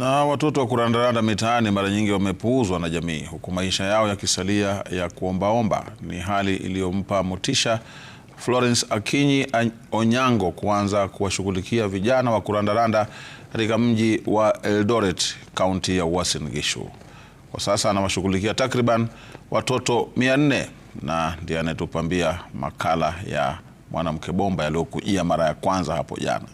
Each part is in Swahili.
Na watoto wa kurandaranda mitaani mara nyingi wamepuuzwa na jamii huku maisha yao yakisalia ya kuombaomba. Ni hali iliyompa motisha Florence Akinyi Onyango kuanza kuwashughulikia vijana wa kurandaranda katika mji wa Eldoret, kaunti ya Uasin Gishu. Kwa sasa anawashughulikia takriban watoto 400 na ndiye anayetupambia makala ya mwanamke bomba yaliyokujia mara ya kwanza hapo jana.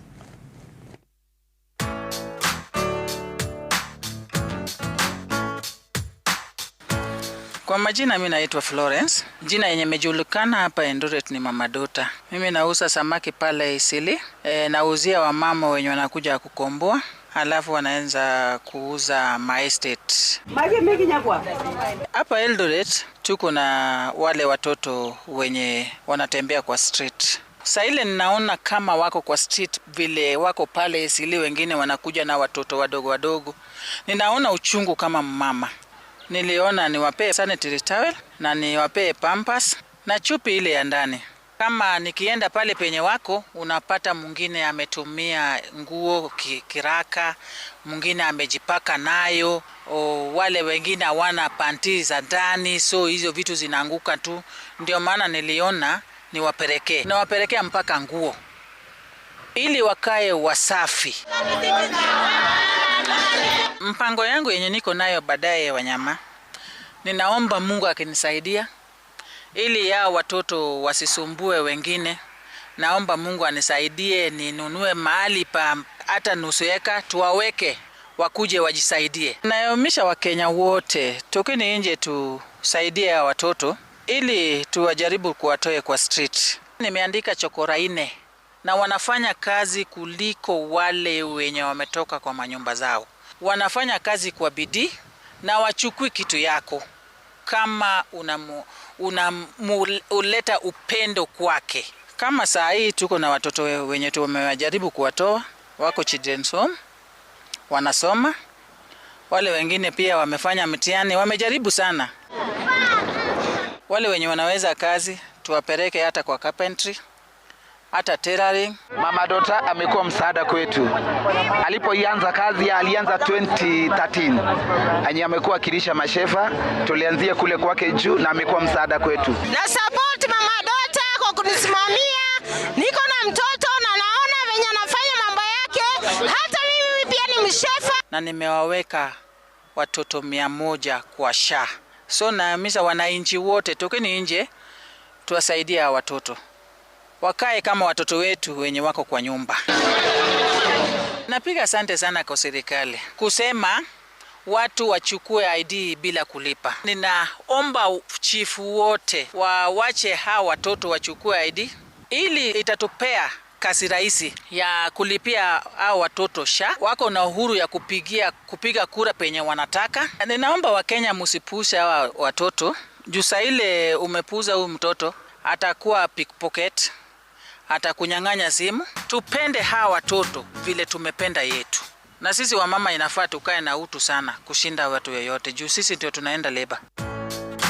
Kwa majina mi naitwa Florence. Jina yenye imejulikana hapa Endoret ni Mama Dota. Mimi nauza samaki pale Isili e, nauzia wamama wenye wanakuja kukomboa alafu wanaanza kuuza nyakwa. hapa Eldoret. Tuko na wale watoto wenye wanatembea kwa street Saa ile ninaona kama wako kwa street vile wako pale Isili, wengine wanakuja na watoto wadogo wadogo, ninaona uchungu kama mama niliona niwapee sanitary towel na niwapee pampas na chupi ile ya ndani. Kama nikienda pale penye wako, unapata mwingine ametumia nguo kiraka, mwingine amejipaka nayo o, wale wengine hawana panti za ndani, so hizo vitu zinaanguka tu. Ndio maana niliona niwapelekee, nawapelekea mpaka nguo ili wakae wasafi. Mpango yangu yenye niko nayo baadaye ya wanyama, ninaomba Mungu akinisaidia ili yao watoto wasisumbue wengine. Naomba Mungu anisaidie ninunue mahali pa hata nusu eka tuwaweke wakuje wajisaidie. Nayomisha Wakenya wote tukini nje tusaidie ya watoto ili tuwajaribu kuwatoe kwa street. Nimeandika chokora ine na wanafanya kazi kuliko wale wenye wametoka kwa manyumba zao wanafanya kazi kwa bidii na wachukui kitu yako kama unamuleta unamuleta upendo kwake. Kama saa hii tuko na watoto wenye tumewajaribu kuwatoa wako children's home wanasoma, wale wengine pia wamefanya mtihani, wamejaribu sana. Wale wenye wanaweza kazi tuwapeleke hata kwa carpentry hata terari. Mama Dota amekuwa msaada kwetu. Alipoianza kazi alianza 2013 anye amekuwa akilisha mashefa, tulianzia kule kwake juu na amekuwa msaada kwetu. Na support Mama Dota kwa kunisimamia, niko na mtoto na naona venye anafanya mambo yake, hata mimi pia ni mshefa na nimewaweka watoto mia moja kwa sha, so naamisha wananchi wote tokeni nje tuwasaidie watoto wakae kama watoto wetu wenye wako kwa nyumba. Napiga asante sana kwa serikali kusema watu wachukue ID bila kulipa. Ninaomba chifu wote wawache hawa watoto wachukue ID, ili itatupea kasi rahisi ya kulipia hao watoto sha wako na uhuru ya kupigia kupiga kura penye wanataka. Ninaomba Wakenya msipuuse hawa watoto juu saa ile umepuuza huyu mtoto atakuwa pickpocket atakunyang'anya simu. Tupende hawa watoto vile tumependa yetu, na sisi wamama inafaa tukae na utu sana kushinda watu yoyote, juu sisi ndio tunaenda leba.